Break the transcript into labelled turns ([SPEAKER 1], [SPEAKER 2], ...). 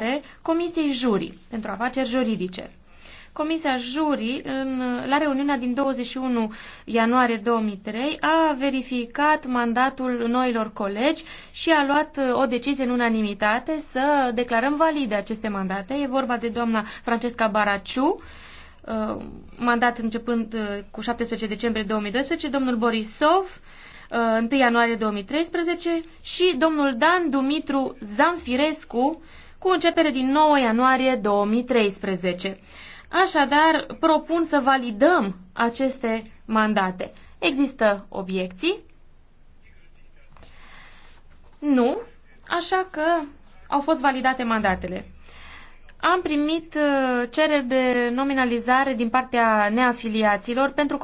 [SPEAKER 1] comunicare Comisiei Juri pentru afaceri juridice. Comisia Juri, în, la reuniunea din 21 ianuarie 2003, a verificat mandatul noilor colegi și a luat uh, o decizie în unanimitate să declarăm valide aceste mandate. E vorba de doamna Francesca Baraciu, uh, mandat începând uh, cu 17 decembrie 2012, domnul Borisov, 1 ianuarie 2013 și domnul Dan Dumitru Zamfirescu, cu începere din 9 ianuarie 2013. Așadar, propun să validăm aceste mandate. Există obiecții? Nu, așa că au fost validate mandatele. Am primit uh, cereri de nominalizare din partea
[SPEAKER 2] neafiliaților pentru